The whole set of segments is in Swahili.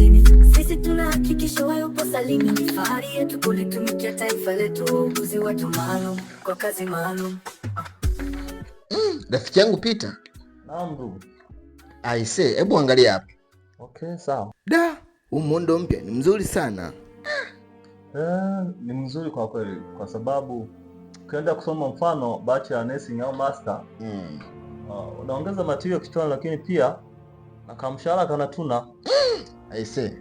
kazini. Sisi tunahakikisha Ni fahari yetu kulitumikia taifa letu. Uuguzi watu maalum kwa kazi maalum. Mm, rafiki yangu Pita, naam ndugu. hebu angalia hapa. Okay, sawa. Da, huu muundo mpya ni mzuri sana. Eh, ni mzuri kwa kweli kwa sababu ukienda kusoma mfano bachelor nursing au master mm. Uh, unaongeza material kichwani, lakini pia na kamshahara kanatuna. Mm aise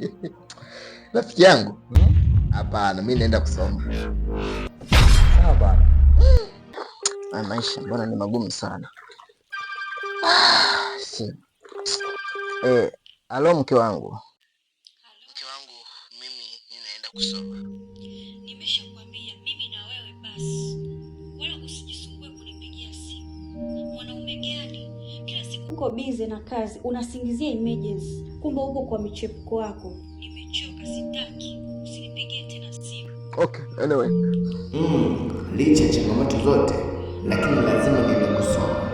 rafiki yangu, hmm? hapana, mi naenda kusoma. Sawa bana. Hmm. Maisha mbona ni magumu sana. Ah, si. Eh, alo mke wangu. Mke wangu, mimi ninaenda kusoma. Nimeshakwambia mimi na wewe basi. uko bize na kazi, unasingizia emergency, kumbe uko kwa michepuko wako. Nimechoka, sitaki, usinipigie tena simu. Okay, anyway. Mm, licha ya changamoto zote lakini lazima niende kusoma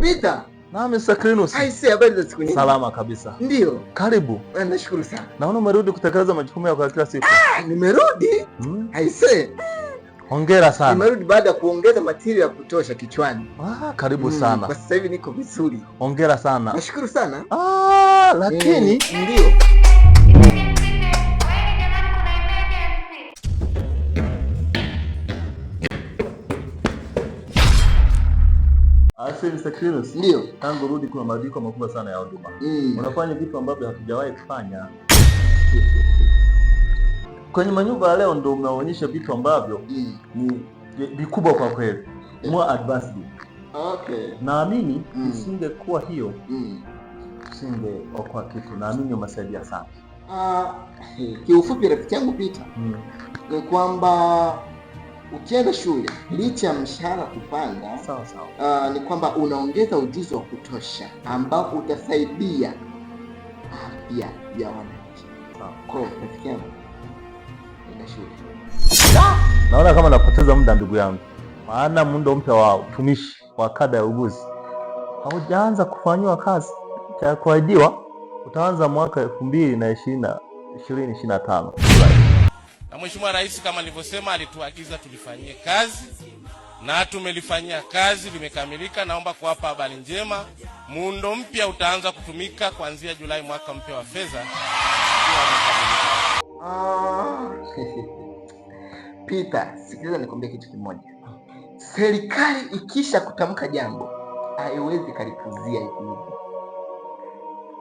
Peter. Nami Sakrinus. Aisee, habari za siku nyingi. Salama kabisa. Ndio. Karibu. Eh, nashukuru sana. Naona umerudi kutekeleza majukumu yako ya kila siku. Ah, nimerudi? Hmm. Aisee. Hongera sana. Nimerudi baada ya kuongeza material ya kutosha kichwani. Ah, karibu mm, sana. Kwa sasa hivi niko vizuri. Hongera sana. Nashukuru sana. Ah, lakini mm, ndio. Ndio, tangu rudi kuna mabadiliko makubwa sana ya huduma mm. Unafanya vitu ambavyo hatujawahi kufanya kwenye manyumba ya leo, ndo umeonyesha vitu ambavyo mm. ni vikubwa kwa kweli yeah. More advanced. Okay. Naamini mm. isingekuwa hiyo mm. usingeokoa kitu, naamini umesaidia sana. Uh, kiufupi rafiki yangu Pita mm. kwamba ukienda shule licha ya mshahara kupanda sawa sawa. Uh, ni kwamba unaongeza ujuzi wa kutosha ambao utasaidia afya ya wananchi. Ah! Naona kama napoteza muda ndugu yangu, maana muundo mpya wa utumishi wa kada ya uguzi haujaanza kufanyiwa kazi. Cha kuahidiwa utaanza mwaka elfu mbili na ishirini na tano na Mheshimiwa Rais kama alivyosema alituagiza tulifanyie kazi na tumelifanyia kazi, limekamilika. Naomba kuwapa habari njema, muundo mpya utaanza kutumika kuanzia Julai mwaka mpya wa fedha. pita sikiliza nikwambie kitu kimoja. Serikali ikisha kutamka jambo haiwezi kalipuzia hivi.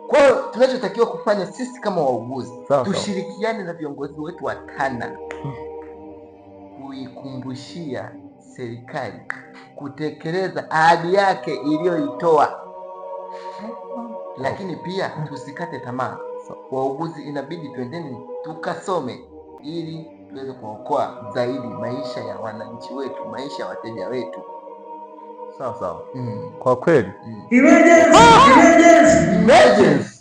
Kwa hiyo tunachotakiwa kufanya sisi kama wauguzi tushirikiane na viongozi wetu wa tana hmm. kuikumbushia serikali kutekeleza ahadi yake iliyoitoa, lakini pia hmm. tusikate tamaa. Wauguzi inabidi twendeni tukasome ili tuweze kuokoa zaidi maisha ya wananchi wetu, maisha ya wateja wetu. Sawa sawa, mm. Kwa kweli mm. Emergency! Emergency! Emergency!